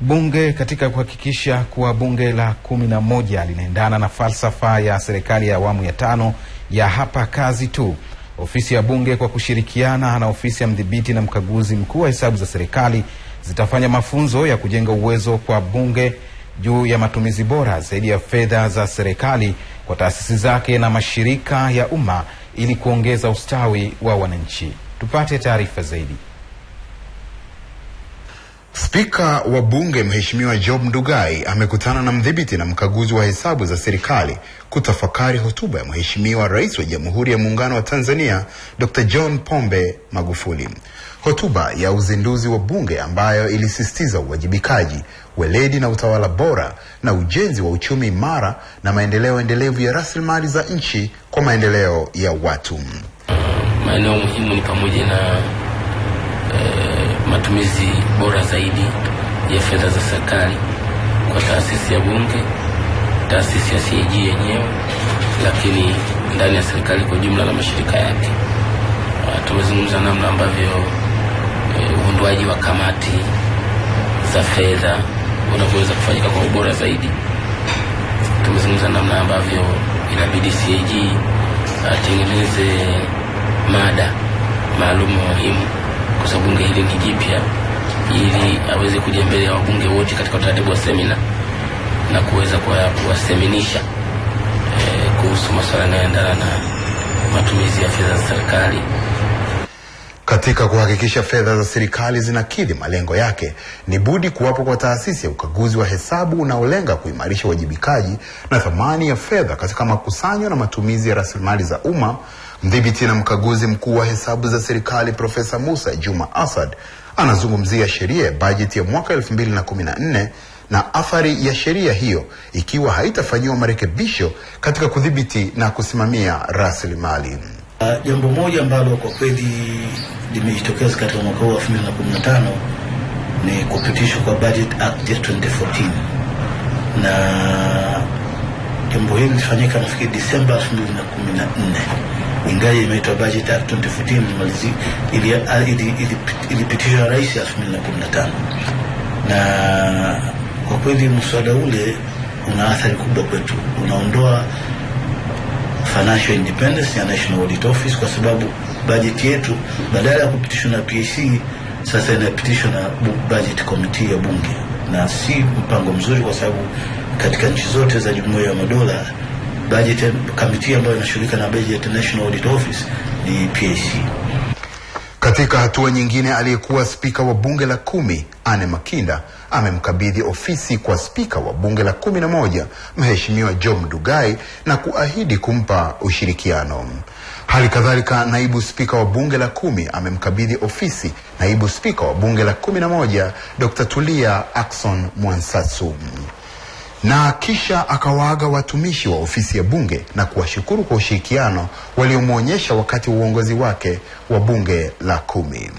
Bunge katika kuhakikisha kuwa bunge la kumi na moja linaendana na falsafa ya serikali ya awamu ya tano ya hapa kazi tu. Ofisi ya bunge kwa kushirikiana na ofisi ya mdhibiti na mkaguzi mkuu wa hesabu za serikali zitafanya mafunzo ya kujenga uwezo kwa bunge juu ya matumizi bora zaidi ya fedha za serikali kwa taasisi zake na mashirika ya umma ili kuongeza ustawi wa wananchi. Tupate taarifa zaidi. Spika wa Bunge Mheshimiwa Job Ndugai amekutana na mdhibiti na mkaguzi wa hesabu za serikali kutafakari hotuba ya Mheshimiwa Rais wa Jamhuri ya Muungano wa Tanzania Dr. John Pombe Magufuli. Hotuba ya uzinduzi wa Bunge ambayo ilisisitiza uwajibikaji, weledi na utawala bora na ujenzi wa uchumi imara na maendeleo endelevu ya rasilimali za nchi kwa maendeleo ya watu. Maeneo muhimu ni pamoja na eh, matumizi bora zaidi ya fedha za serikali kwa taasisi ya Bunge, taasisi ya CAG yenyewe, lakini ndani ya serikali kwa jumla na mashirika yake. Ah, tumezungumza namna ambavyo eh, uundwaji e, wa kamati za fedha unavyoweza kufanyika kwa ubora zaidi. Tumezungumza namna ambavyo inabidi CAG atengeneze mada maalumu muhimu kwa bunge hili ni jipya, ili aweze kuja mbele ya wabunge wote katika utaratibu wa semina na kuweza kuwaseminisha eh, kuhusu masuala yanayoendana na matumizi ya fedha za serikali. Katika kuhakikisha fedha za serikali zinakidhi malengo yake, ni budi kuwapo kwa taasisi ya ukaguzi wa hesabu unaolenga kuimarisha uwajibikaji na thamani ya fedha katika makusanyo na matumizi ya rasilimali za umma. Mdhibiti na mkaguzi mkuu wa hesabu za serikali Profesa Musa Juma Asad anazungumzia sheria ya bajeti ya mwaka 2014 na athari ya sheria hiyo ikiwa haitafanyiwa marekebisho katika kudhibiti na kusimamia rasilimali. Ah, jambo moja ambalo kwa kweli limejitokeza katika mwaka huu wa 2015 ni kupitishwa kwa Budget Act ya 2014 na jambo hili lilifanyika nafikiri Disemba 2014, ingawa imeitwa Budget Act 2014 ilimalizi ah, ili, ili, ili rais ya 2015, na kwa kweli mswada ule una athari kubwa kwetu, unaondoa financial independence ya National Audit Office, kwa sababu bajeti yetu badala ya kupitishwa na PAC sasa inapitishwa na budget committee ya bunge, na si mpango mzuri, kwa sababu katika nchi zote za Jumuiya ya Madola budget committee ambayo inashughulika na budget National Audit Office ni PAC. Katika hatua nyingine, aliyekuwa spika wa bunge la kumi Anne Makinda amemkabidhi ofisi kwa spika wa bunge la kumi na moja Mheshimiwa jom Ndugai na kuahidi kumpa ushirikiano. Hali kadhalika naibu spika wa bunge la kumi amemkabidhi ofisi naibu spika wa bunge la kumi na moja Dr. Tulia Ackson Mwansasu na kisha akawaaga watumishi wa ofisi ya bunge na kuwashukuru kwa ushirikiano waliomwonyesha wakati wa uongozi wake wa bunge la kumi.